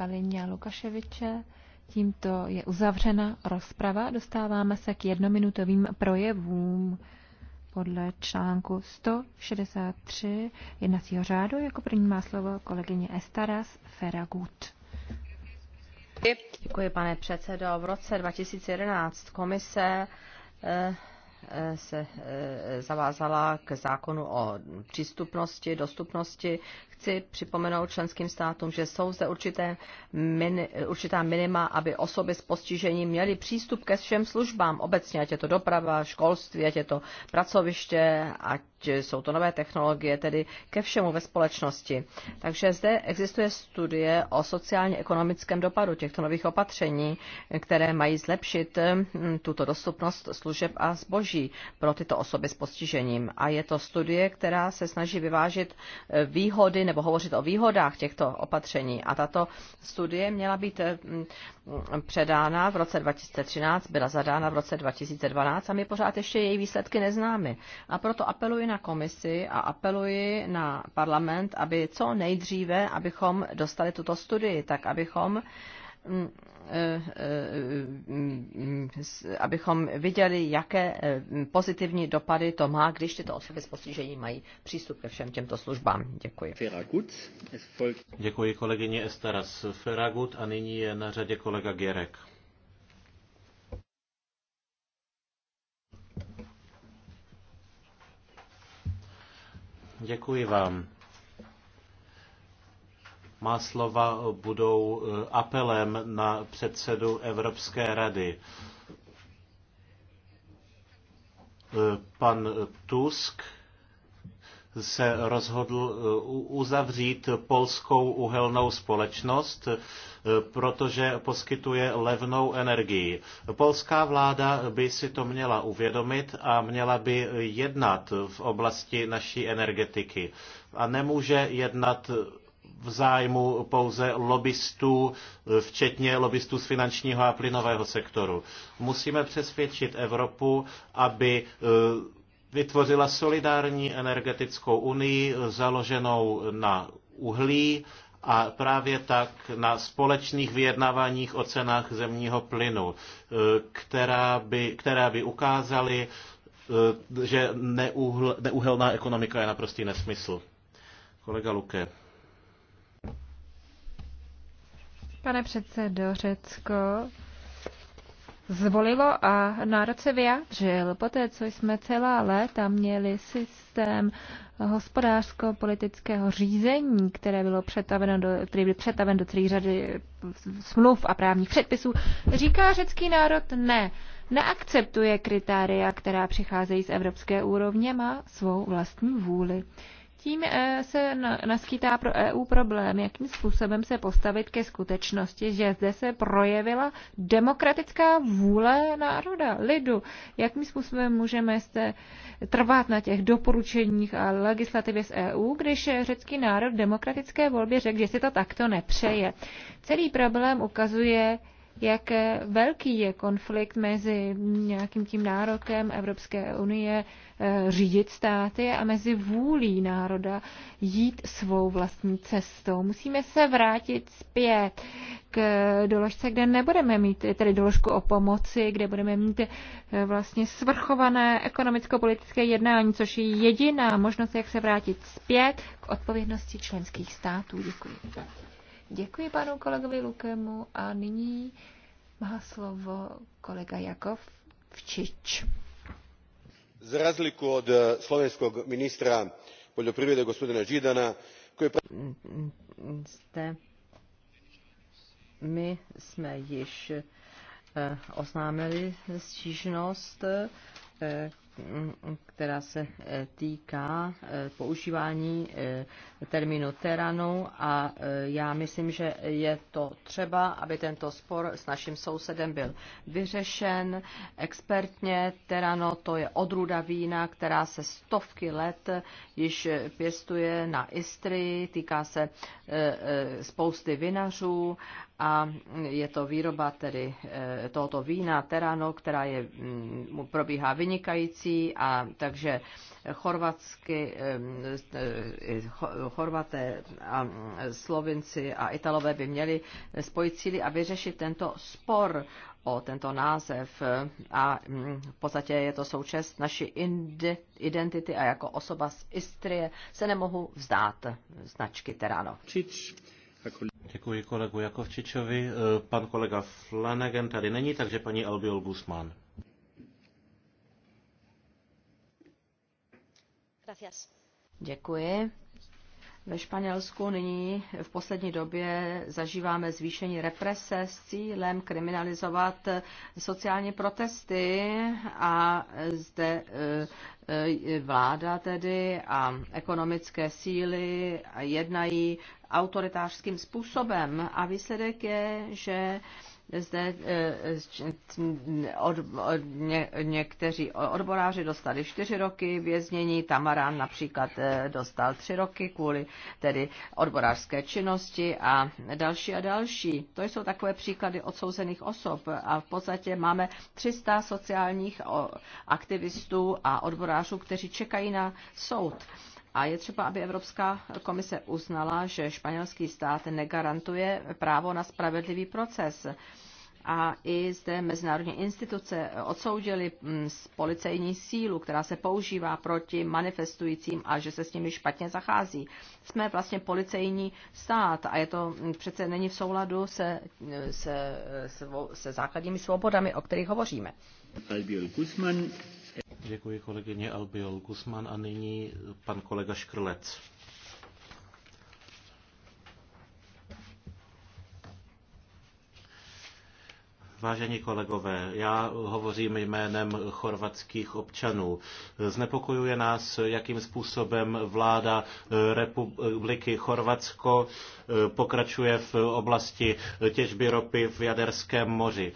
a Lukaševiče. Tímto je uzavřena rozprava. Dostáváme se k jednominutovým projevům podle článku 163 jednacího řádu. Jako první má slovo kolegyně Estaras Feragut. Děkuji, pane předsedo. V roce 2011 komise eh, se eh, zavázala k zákonu o přístupnosti, dostupnosti. Chci připomenout členským státům, že jsou zde určité min, určitá minima, aby osoby s postižením měly přístup ke všem službám obecně, ať je to doprava, školství, ať je to pracoviště, ať jsou to nové technologie, tedy ke všemu ve společnosti. Takže zde existuje studie o sociálně-ekonomickém dopadu těchto nových opatření, které mají zlepšit hm, tuto dostupnost služeb a zboží pro tyto osoby s postižením. A je to studie, která se snaží vyvážit eh, výhody nebo hovořit o výhodách těchto opatření. A tato studie měla být eh, hm, předána v roce 2013, byla zadána v roce 2012 a my pořád ještě její výsledky neznáme. A proto apeluji na komisi a apeluji na parlament, aby co nejdříve, abychom dostali tuto studii, tak abychom mm, eh, eh, mm, abychom viděli, jaké eh, pozitivní dopady to má, když tyto osoby s postižením mají přístup ke všem těmto službám. Děkuji. Děkuji kolegyně Estaras Feragut a nyní je na řadě kolega Gerek. Děkuji vám. Má slova budou eh, apelem na předsedu Evropské rady. Eh, pan Tusk se rozhodl eh, uzavřít polskou uhelnou společnost, eh, protože poskytuje levnou energii. Polská vláda by si to měla uvědomit a měla by jednat v oblasti naší energetiky. A nemůže jednat v zájmu pouze lobbystů, eh, včetně lobbystů z finančního a plynového sektoru. Musíme přesvědčit Evropu, aby vytvořila solidární energetickou unii založenou na uhlí a právě tak na společných vyjednáváních o cenách zemního plynu, e, která by, která by ukázaly, e, že neuhl, neuhelná ekonomika je naprostý nesmysl. Kolega Luke. Pane předsedo, Řecko zvolilo a národ se vyjádřil. Poté, co jsme celá léta měli systém hospodářsko-politického řízení, které bylo přetaveno do, který byl přetaven do celé řady smluv a právních předpisů, říká řecký národ ne. Neakceptuje kritéria, která přicházejí z evropské úrovně, má svou vlastní vůli. Tím eh, se naskýtá pro EU problém, jakým způsobem se postavit ke skutečnosti, že zde se projevila demokratická vůle národa, lidu. Jakým způsobem můžeme se trvat na těch doporučeních a legislativě z EU, když řecký národ v demokratické volbě řekl, že si to takto nepřeje. Celý problém ukazuje, jak velký je konflikt mezi nějakým tím nárokem Evropské unie eh, řídit státy a mezi vůlí národa jít svou vlastní cestou. Musíme se vrátit zpět k doložce, kde nebudeme mít, tedy doložku o pomoci, kde budeme mít eh, vlastně svrchované ekonomicko-politické jednání, což je jediná možnost, jak se vrátit zpět k odpovědnosti členských států. Děkuji. Děkuji panu kolegovi Lukemu a nyní má slovo kolega Jakov Včič. Za razliku od eh, slovenského ministra poljoprivrede gospodina Židana, koji... Zde mm, my jsme již eh, oznámili stížnost eh, která se eh, týká eh, používání eh, termínu teranu a já myslím, že je to třeba, aby tento spor s naším sousedem byl vyřešen expertně. Terano to je odrůda vína, která se stovky let již pěstuje na Istrii, týká se spousty vinařů a je to výroba tedy eh, tohoto vína Terano, která je, mm, probíhá vynikající a takže chorvatsky, eh, eh, chorvaté a slovinci a italové by měli spojit síly a vyřešit tento spor o tento název a mm, v podstatě je to součást naší identity a jako osoba z Istrie se nemohu vzdát značky Terano. Čič. Jako Děkuji kolegu Jakovčičovi. Eh, pan kolega Flanagan tady není, takže paní Albiol Busman. Děkuji. Ve Španělsku nyní v poslední době zažíváme zvýšení represe s cílem kriminalizovat sociální protesty a zde eh, eh, vláda tedy a ekonomické síly jednají autoritářským způsobem a výsledek je, že zde e, e, od, od ně, někteří odboráři dostali čtyři roky věznění, Tamarán například e, dostal tři roky kvůli tedy odborářské činnosti a další a další. To jsou takové příklady odsouzených osob a v podstatě máme 300 sociálních aktivistů a odborářů, kteří čekají na soud. A je třeba, aby Evropská komise uznala, že španělský stát negarantuje právo na spravedlivý proces. A i zde mezinárodní instituce odsoudili mm, policejní sílu, která se používá proti manifestujícím a že se s nimi špatně zachází. Jsme vlastně policejní stát a je to mm, přece není v souladu se, mm, se, se, se základními svobodami, o kterých hovoříme. Guzman, Děkuji kolegyně Albiol Guzman a nyní pan kolega Škrlec. Vážení kolegové, já hovořím jménem chorvatských občanů. Znepokojuje nás, jakým způsobem vláda republiky Chorvatsko pokračuje v oblasti těžby ropy v Jaderském moři.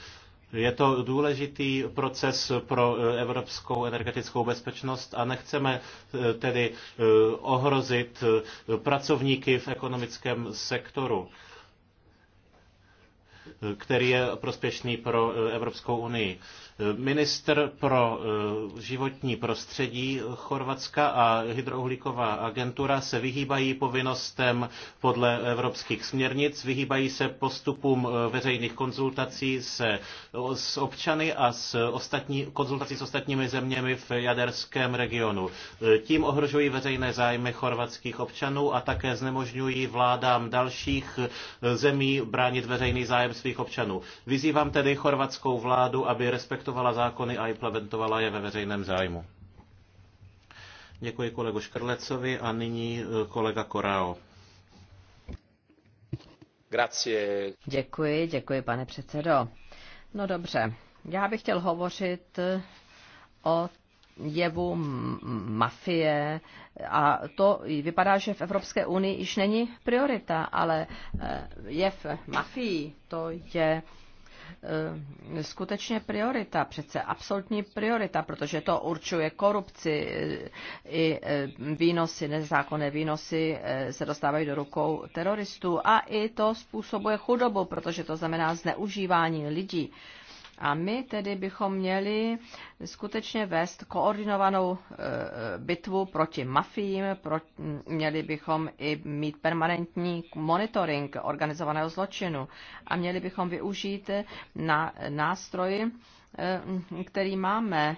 Je to důležitý proces pro e, evropskou energetickou bezpečnost a nechceme e, tedy e, ohrozit pracovníky v ekonomickém sektoru který je prospěšný pro Evropskou unii. Minister pro eh, životní prostředí Chorvatska a hydrouhlíková agentura se vyhýbají povinnostem podle evropských směrnic, vyhýbají se postupům eh, veřejných konzultací se, s občany a s ostatní, konzultací s ostatními zeměmi v jaderském regionu. Eh, tím ohrožují veřejné zájmy chorvatských občanů a také znemožňují vládám dalších zemí bránit veřejný zájem svých občanů. Vyzývám tedy chorvatskou vládu, aby respektovala respektovala zákony a implementovala je ve veřejném zájmu. Děkuji kolegu Škrlecovi a nyní eh, kolega Korao. Grazie. Děkuji, děkuji pane předsedo. No dobře, já bych chtěl hovořit eh, o jevu mafie a to vypadá, že v Evropské unii již není priorita, ale eh, jev mafii. to je Eh, skutečně priorita, přece absolutní priorita, protože to určuje korupci eh, i eh, výnosy, nezákonné výnosy se dostávají do rukou teroristů a i to způsobuje chudobu, protože to znamená zneužívání lidí. A my tedy bychom měli skutečně vést koordinovanou e, e, bitvu proti mafiím, pro, měli bychom i mít permanentní monitoring organizovaného zločinu a měli bychom využít na nástroj, e, který máme,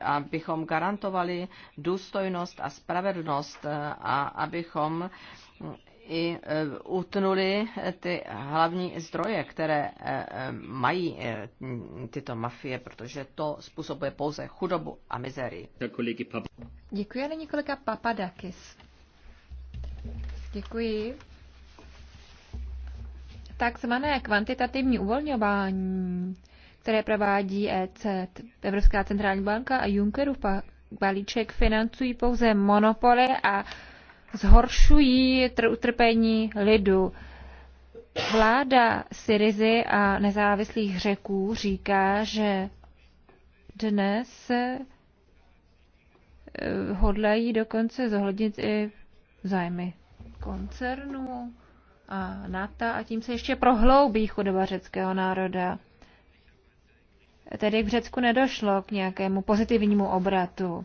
abychom garantovali důstojnost a spravedlnost a abychom i e, utnuli e, ty hlavní zdroje, které e, mají tyto mafie, protože to způsobuje pouze chudobu a mizerii. Děkuji, ale kolega Papadakis. Děkuji. Takzvané kvantitativní uvolňování, které provádí EC, Evropská centrální banka a Junckerův balíček financují pouze monopoly a zhoršují utrpení lidu. Vláda Syrizy a nezávislých řeků říká, že dnes eh, hodlají dokonce zohlednit i zájmy koncernů a NATO a tím se ještě prohloubí chudoba řeckého národa. Tedy v Řecku nedošlo k nějakému pozitivnímu obratu.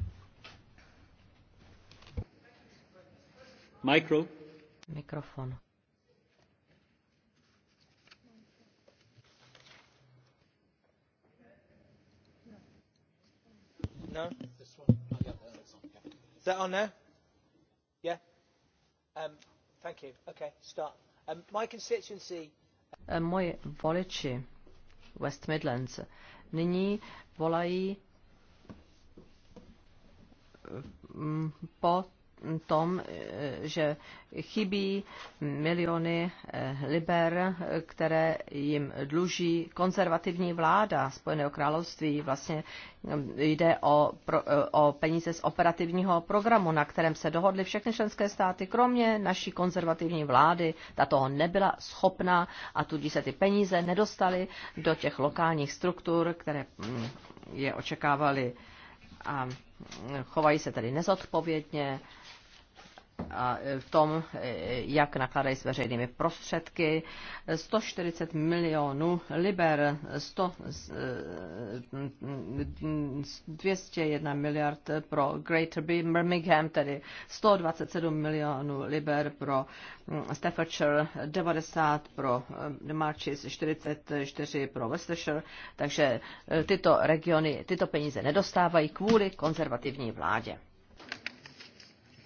Micro. Mikrofon. No? This one? Is that on there? Yeah? Um, thank you. Okay, start. Um, my constituency... Eh, moji voliči West Midlands nyní volají eh, po tom, že chybí miliony eh, liber, které jim dluží konzervativní vláda Spojeného království. Vlastně eh, jde o, pro, eh, o peníze z operativního programu, na kterém se dohodly všechny členské státy, kromě naší konzervativní vlády. Ta toho nebyla schopná a tudíž se ty peníze nedostaly do těch lokálních struktur, které mm, je očekávali a mm, chovají se tedy nezodpovědně a e, v tom, e, jak nakladají s veřejnými prostředky. 140 milionů liber, 100, 201 e, miliard pro Greater Birmingham, tedy 127 milionů liber pro mm, Staffordshire, 90 pro The Marches, 44 pro Worcestershire, takže tyto regiony tyto peníze nedostávají kvůli konzervativní vládě.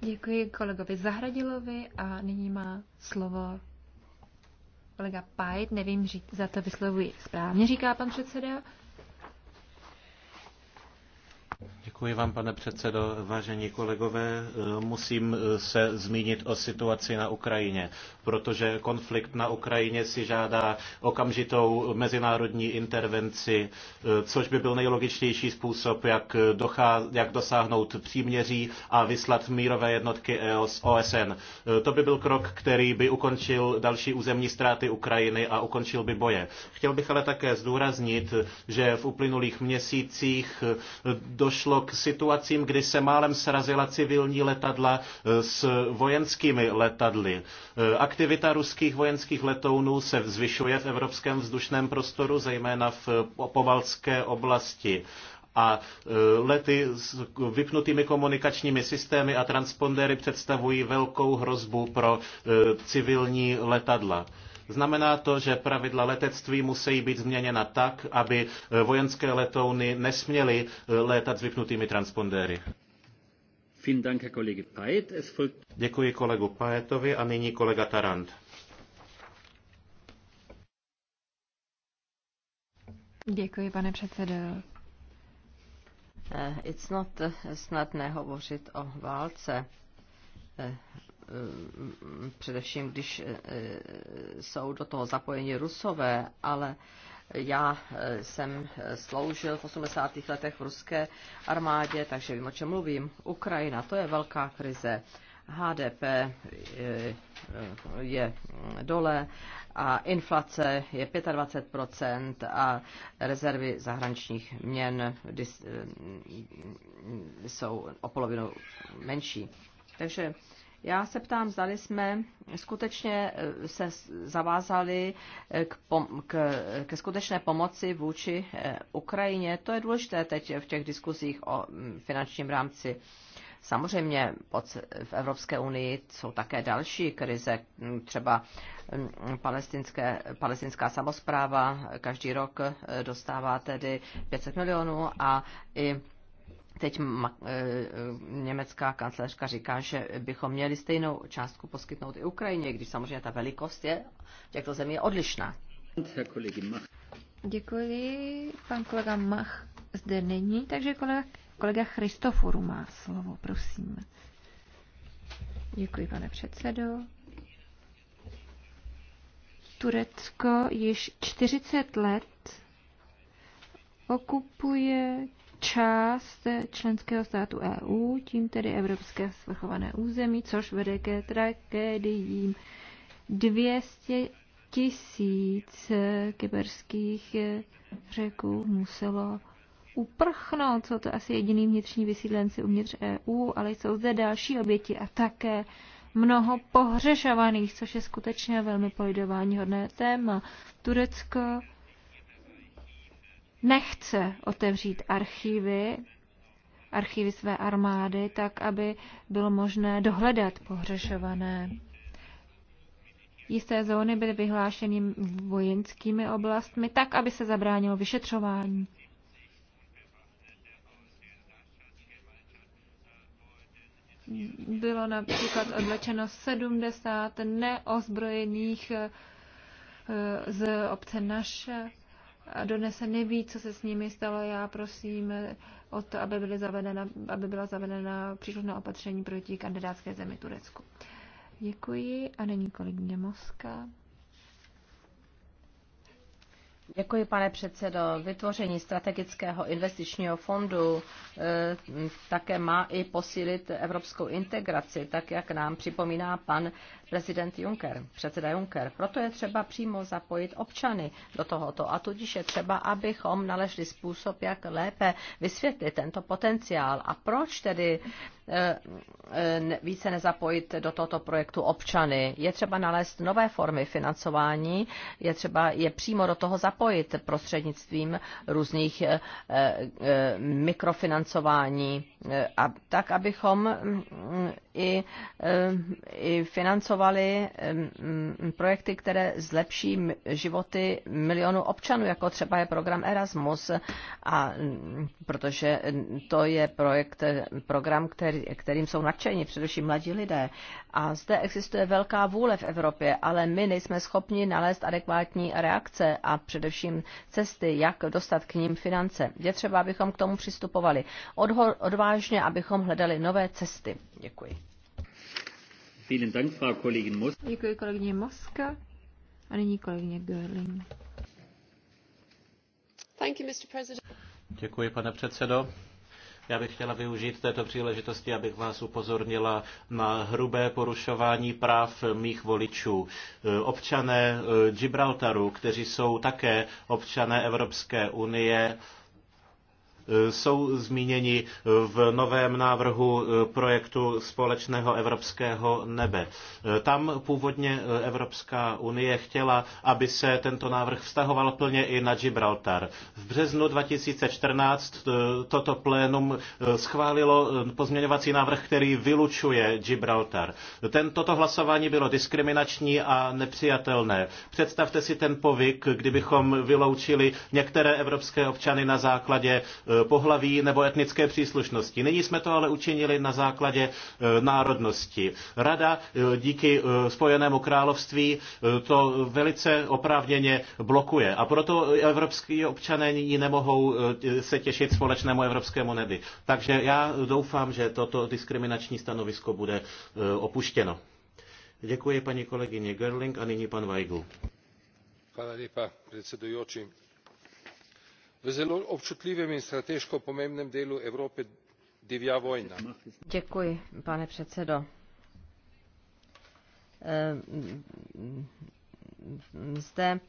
Děkuji kolegovi Zahradilovi a nyní má slovo kolega Pajt, nevím, za to vyslovuji správně, říká pan předseda. Děkuji vám, pane předsedo. Vážení kolegové, musím eh, se zmínit o situaci na Ukrajině, protože konflikt na Ukrajině si žádá okamžitou mezinárodní intervenci, eh, což by byl nejlogičtější způsob, jak, dochá, jak dosáhnout příměří a vyslat mírové jednotky e OSN. Eh, to by byl krok, který by ukončil další územní ztráty Ukrajiny a ukončil by boje. Chtěl bych ale také zdůraznit, že v uplynulých měsících došlo k situacím, kdy se málem srazila civilní letadla eh, s vojenskými letadly. Eh, aktivita ruských vojenských letounů se zvyšuje v evropském vzdušném prostoru, zejména v eh, povalské oblasti a lety s vypnutými komunikačními systémy a transpondery představují velkou hrozbu pro civilní letadla. Znamená to, že pravidla letectví musí být změněna tak, aby eh, vojenské letouny nesměly eh, létat s vypnutými transpondéry. Děkuji kolegu Paetovi a nyní kolega Tarant. Děkuji, pane předsedo. Eh, it's not snadné hovořit o válce Eh, především když eh, jsou do toho zapojeni rusové, ale já eh, jsem sloužil v 80. letech v ruské armádě, takže vím, o čem mluvím. Ukrajina, to je velká krize. HDP je dole a inflace je 25% a rezervy zahraničních měn jsou o polovinu menší. Takže já se ptám, zdali jsme skutečně eh, se zavázali eh, k, pom- k, ke skutečné pomoci vůči eh, Ukrajině. To je důležité teď v těch diskuzích o mm, finančním rámci. Samozřejmě v Evropské unii jsou také další krize, mm, třeba mm, palestinské, palestinská samozpráva každý rok dostává tedy 500 milionů a i Teď e, e, německá kancléřka říká, že bychom měli stejnou částku poskytnout i Ukrajině, když samozřejmě ta velikost je těchto zemí je odlišná. Děkuji. Pan kolega Mach zde není, takže kolega, kolega Christoforu má slovo, prosím. Děkuji, pane předsedo. Turecko již 40 let okupuje část členského státu EU, tím tedy Evropské svrchované území, což vede ke tragédiím. 200 tisíc kyberských řeků muselo uprchnout. Jsou to asi jediný vnitřní vysídlenci uvnitř EU, ale jsou zde další oběti a také mnoho pohřešovaných, což je skutečně velmi pojdování hodné téma. Turecko nechce otevřít archivy archivy své armády, tak aby bylo možné dohledat pohřešované. Jisté zóny byly vyhlášeny vojenskými oblastmi, tak aby se zabránilo vyšetřování. Bylo například odlečeno 70 neozbrojených eh, z obce naše Dodnes se neví, co se s nimi stalo. Já prosím o to, aby, byly zavedena, aby byla zavedena příslušná opatření proti kandidátské zemi Turecku. Děkuji a není kolegyně Moska. Děkuji, pane předsedo. Vytvoření strategického investičního fondu eh, také má i posílit evropskou integraci, tak jak nám připomíná pan prezident Juncker, předseda Juncker. Proto je třeba přímo zapojit občany do tohoto a tudíž je třeba, abychom nalezli způsob, jak lépe vysvětlit tento potenciál a proč tedy Eh, eh, více nezapojit do tohoto projektu občany. Je třeba nalézt nové formy financování, je třeba je přímo do toho zapojit prostřednictvím různých eh, mikrofinancování, a tak, abychom mm, i, i financovali mm, projekty, které zlepší životy milionů občanů, jako třeba je program Erasmus, a mm, protože to je projekt, program, který který, kterým jsou nadšení, především mladí lidé. A zde existuje velká vůle v Evropě, ale my nejsme schopni nalézt adekvátní reakce a především cesty, jak dostat k ním finance. Je třeba, abychom k tomu přistupovali Odho- odvážně, abychom hledali nové cesty. Děkuji. Děkuji kolegyně Moska a nyní kolegyně Görling. Děkuji, pane předsedo. Já bych chtěla využít této příležitosti, abych vás upozornila na hrubé porušování práv mých voličů. Občané Gibraltaru, kteří jsou také občané Evropské unie, jsou zmíněni v novém návrhu eh, projektu společného evropského nebe. Eh, tam původně eh, Evropská unie chtěla, aby se tento návrh vztahoval plně i na Gibraltar. V březnu 2014 toto plénum schválilo pozměňovací návrh, který vylučuje Gibraltar. Ten, toto hlasování bylo diskriminační a nepřijatelné. Představte si ten povyk, kdybychom vyloučili některé evropské občany na základě Eh, pohlaví nebo etnické příslušnosti. Nyní jsme to ale učinili na základě eh, národnosti. Rada eh, díky Spojenému království to velice oprávněně blokuje a proto evropský občané nyní nemohou se těšit společnému evropskému nebi. Takže já doufám, že toto diskriminační stanovisko bude opuštěno. Děkuji paní kolegyně Gerling a nyní pan Weigl. Hvala lepa, predsedujoči v zelo občutljivem in strateško pomembnem delu evrope divja vojna. Děkuji, pane předsedo eh, zde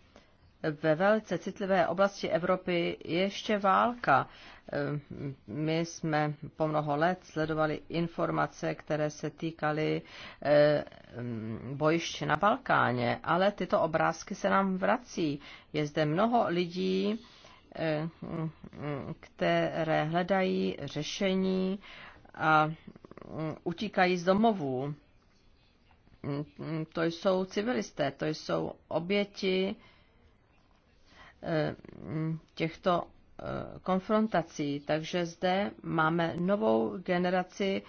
ve velice citlivé oblasti Evropy je ještě válka. Eh, my jsme po mnoho let sledovali informace, které se týkaly eh, bojišť na Balkáně, ale tyto obrázky se nám vrací. Je zde mnoho lidí, které hledají řešení a utíkají z domovů. To jsou civilisté, to jsou oběti eh, těchto eh, konfrontací. Takže zde máme novou generaci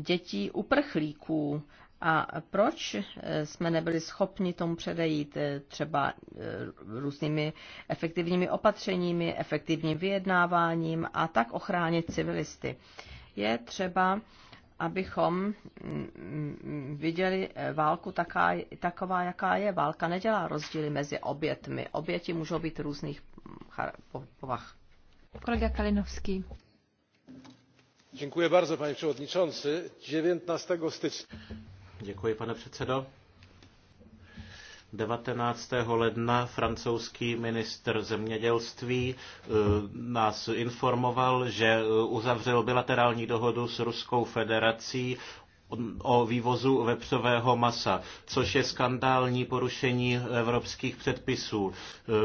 dětí uprchlíků, a proč eh, jsme nebyli schopni tomu předejít eh, třeba eh, různými efektivními opatřeními, efektivním vyjednáváním a tak ochránit civilisty? Je třeba abychom mm, viděli válku taká, taková, jaká je. Válka nedělá rozdíly mezi obětmi. Oběti můžou být různých mm, povah. Kolega Kalinovský. Dziękuję bardzo, panie przewodniczący. 19 stycznia. Děkuji, pane předsedo. 19. ledna francouzský ministr zemědělství eh, nás informoval, že eh, uzavřel bilaterální dohodu s Ruskou federací o vývozu vepřového masa, což je skandální porušení evropských předpisů.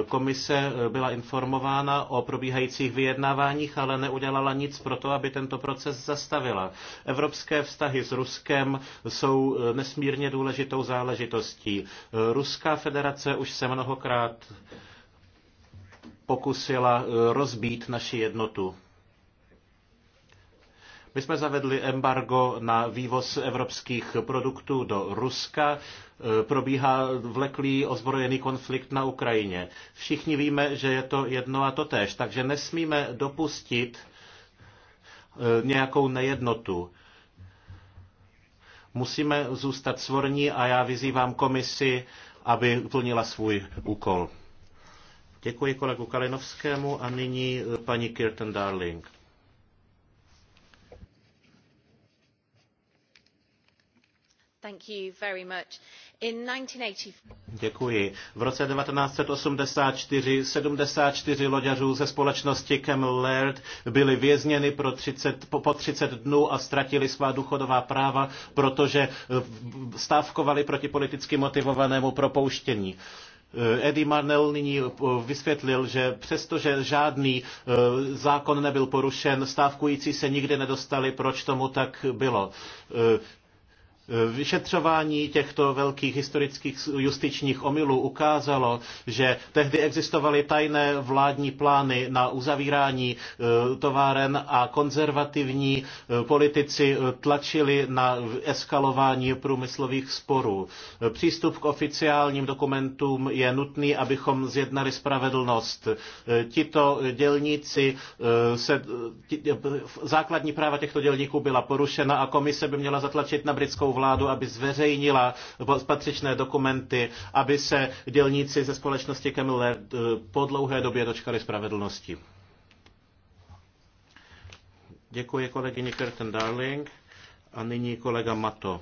Komise byla informována o probíhajících vyjednáváních, ale neudělala nic pro to, aby tento proces zastavila. Evropské vztahy s Ruskem jsou nesmírně důležitou záležitostí. Ruská federace už se mnohokrát pokusila rozbít naši jednotu. My jsme zavedli embargo na vývoz evropských produktů do Ruska, e, probíhá vleklý ozbrojený konflikt na Ukrajině. Všichni víme, že je to jedno a to tež, takže nesmíme dopustit e, nějakou nejednotu musíme zůstat svorní a já vyzývám komisi, aby plnila svůj úkol. Děkuji kolegu Kalinovskému a nyní e, paní Kirten Darling. Děkuji. V roce 1984 74 loďařů ze společnosti Camel Laird byli vězněni pro 30, po 30 dnů a ztratili svá důchodová práva, protože stávkovali proti politicky motivovanému propouštění. Eh, Eddie Marnell nyní eh, vysvětlil, že přestože žádný eh, zákon nebyl porušen, stávkující se nikdy nedostali, proč tomu tak bylo Vyšetřování těchto velkých historických justičních omylů ukázalo, že tehdy existovaly tajné vládní plány na uzavírání eh, továren a konzervativní eh, politici eh, tlačili na eskalování průmyslových sporů. Přístup k oficiálním dokumentům je nutný, abychom zjednali spravedlnost. Tito dělníci se, základní práva těchto dělníků byla porušena a komise by měla zatlačit na britskou vládu, aby zveřejnila patřičné dokumenty, aby se dělníci ze společnosti Kemler eh, po dlouhé době dočkali spravedlnosti. Děkuji kolegyni Kirsten Darling a nyní kolega Mato.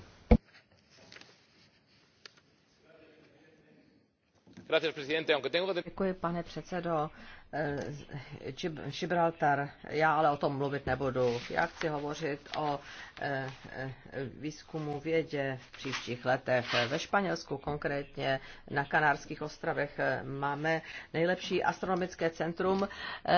Děkuji, pane předsedo. Eh, Gibraltar, já ale o tom mluvit nebudu. Já chci hovořit o eh, eh, výzkumu vědě v příštích letech. Ve Španělsku, konkrétně na Kanárských ostravech, máme nejlepší astronomické centrum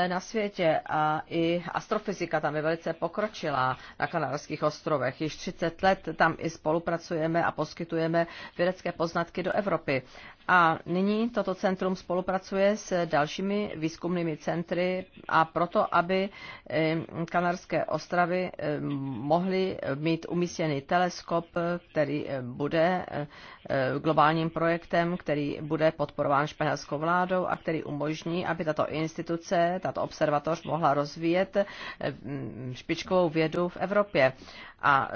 na světě a i astrofyzika tam je velice pokročila na Kanárských ostrovech. Již 30 let tam i spolupracujeme a poskytujeme vědecké poznatky do Evropy. A nyní toto centrum spolupracuje s dalšími výzkumy výzkumnými centry a proto, aby eh, Kanarské ostravy eh, mohly mít umístěný teleskop, který eh, bude globálním projektem, který bude podporován španělskou vládou a který umožní, aby tato instituce, tato observatoř mohla rozvíjet špičkovou vědu v Evropě. A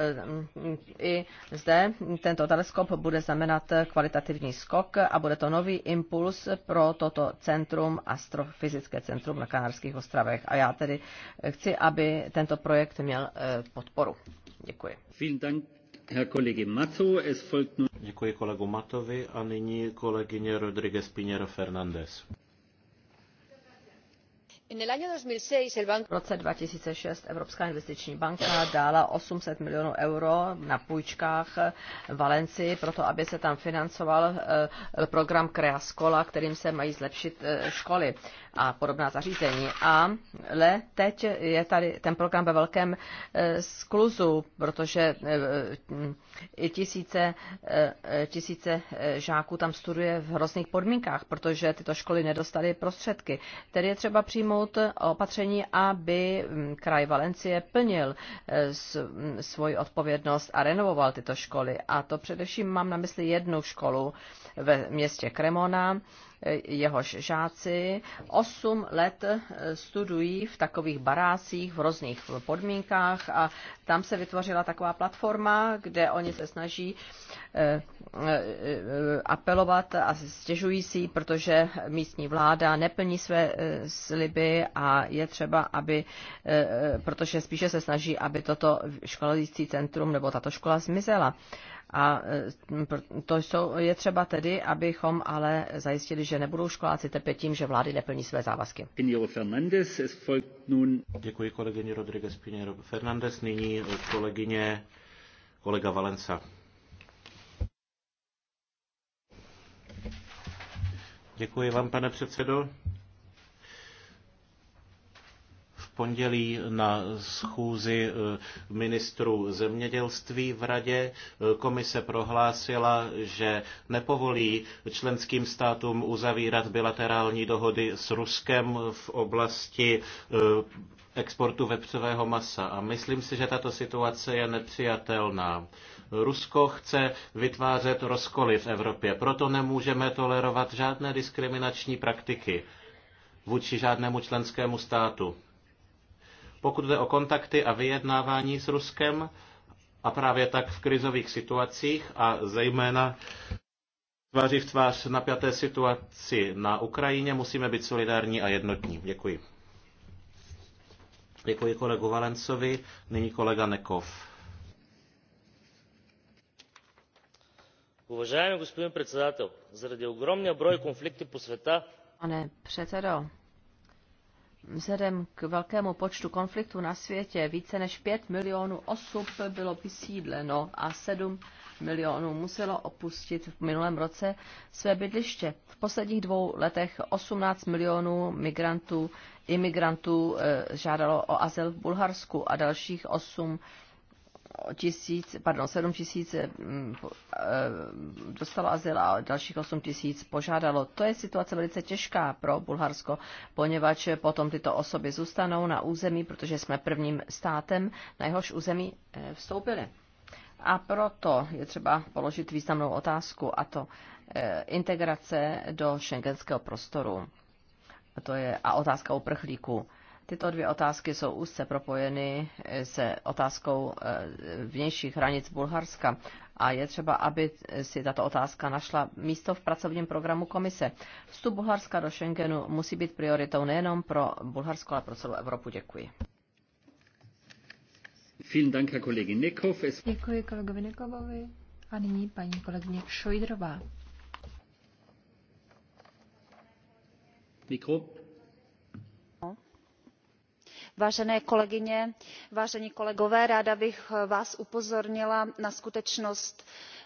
i zde tento teleskop bude znamenat kvalitativní skok a bude to nový impuls pro toto centrum astrofyziky fyzické centrum na Kanárských ostravech. A já tedy chci, aby tento projekt měl eh, podporu. Děkuji. Děkuji kolegu Matovi a nyní kolegyně Rodríguez Piñero Fernández. V roce 2006 Evropská investiční banka dala 800 milionů euro na půjčkách eh, Valencii, proto aby se tam financoval eh, program Kreaskola, kterým se mají zlepšit školy a podobná zařízení. A le, teď je tady ten program ve velkém e, skluzu, protože e, i tisíce, e, tisíce žáků tam studuje v hrozných podmínkách, protože tyto školy nedostaly prostředky. Tedy je třeba přijmout opatření, aby kraj Valencie plnil svoji odpovědnost a renovoval tyto školy. A to především mám na mysli jednu školu ve městě Kremona, jehož žáci osm let eh, studují v takových barácích, v různých podmínkách a tam se vytvořila taková platforma, kde oni se snaží eh, eh, apelovat a stěžují si, protože místní vláda neplní své sliby a je třeba, aby, protože spíše se snaží, aby toto školící centrum nebo tato škola zmizela. A e, to jsou, je třeba tedy, abychom ale zajistili, že nebudou školáci trpět tím, že vlády neplní své závazky. Děkuji kolegyně Rodriguez Pinheiro Fernandez, nyní kolegyně kolega Valenca. Děkuji vám, pane předsedo. pondělí na schůzi eh, ministrů zemědělství v radě. Eh, komise prohlásila, že nepovolí členským státům uzavírat bilaterální dohody s Ruskem v oblasti eh, exportu vepřového masa. A myslím si, že tato situace je nepřijatelná. Rusko chce vytvářet rozkoly v Evropě, proto nemůžeme tolerovat žádné diskriminační praktiky vůči žádnému členskému státu pokud jde o kontakty a vyjednávání s Ruskem, a právě tak v krizových situacích a zejména tváří v tvář napjaté situaci na Ukrajině musíme být solidární a jednotní. Děkuji. Děkuji kolegu Valencovi, nyní kolega Nekov. Уважаеми господин председател, заради огромния брой конфликти po света. Pane předsedo, Vzhledem k velkému počtu konfliktů na světě více než 5 milionů osob bylo vysídleno a 7 milionů muselo opustit v minulém roce své bydliště. V posledních dvou letech 18 milionů migrantů, imigrantů eh, žádalo o azyl v Bulharsku a dalších 8 tisíc, pardon, 7 tisíc mm, eh, dostalo azyl a dalších 8 tisíc požádalo. To je situace velice těžká pro Bulharsko, poněvadž potom tyto osoby zůstanou na území, protože jsme prvním státem, na jehož území eh, vstoupili. A proto je třeba položit významnou otázku, a to eh, integrace do šengenského prostoru. To je a otázka uprchlíků. Tyto dvě otázky jsou úzce propojeny se otázkou eh, vnějších hranic Bulharska a je třeba, aby si tato otázka našla místo v pracovním programu komise. Vstup Bulharska do Schengenu musí být prioritou nejenom pro Bulharsko, ale pro celou Evropu. Děkuji. Děkuji kolegovi Nekovovi a nyní paní kolegyně Šojdrová. Mikro vážené kolegyně vážení kolegové ráda bych vás upozornila na skutečnost že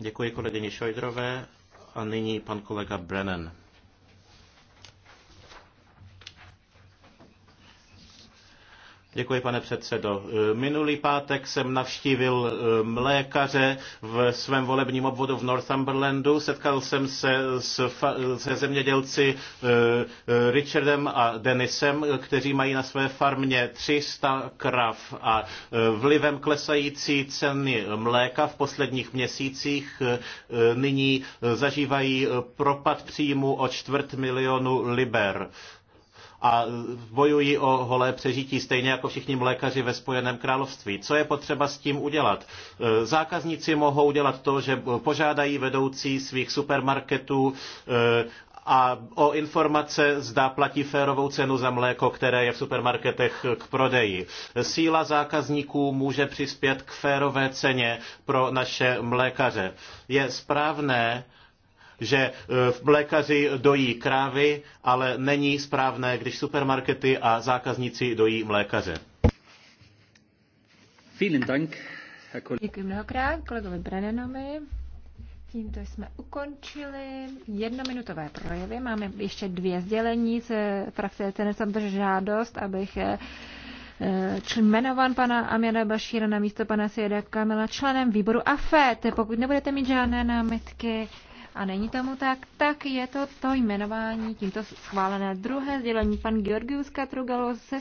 Děkuji kolegyni Šojdrové a nyní pan kolega Brennan. Děkuji, pane předsedo. E, minulý pátek jsem navštívil e, mlékaře v svém volebním obvodu v Northumberlandu. Setkal jsem se s, se zemědělci e, Richardem a Denisem, kteří mají na své farmě 300 krav a vlivem klesající ceny mléka v posledních měsících nyní zažívají propad příjmu o čtvrt milionu liber a bojují o holé přežití, stejně jako všichni mlékaři ve Spojeném království. Co je potřeba s tím udělat? Zákazníci mohou udělat to, že požádají vedoucí svých supermarketů eh, a o informace zda platí férovou cenu za mléko, které je v supermarketech k prodeji. Síla zákazníků může přispět k férové ceně pro naše mlékaře. Je správné, že mlékaři e, dojí krávy, ale není správné, když supermarkety a zákazníci dojí mlékaře. Vielen Dank, Děkuji mnohokrát kolegovi Brennanovi. Tímto jsme ukončili jednominutové projevy. Máme ještě dvě sdělení z frakce Tenesam žádost, abych jmenován e, pana Amjada Bašíra na místo pana Sjeda Kamila členem výboru AFET. E. Pokud nebudete mít žádné námitky, a není tomu tak, tak je to to jmenování tímto schválené druhé sdělení pan Georgius Katrugalo se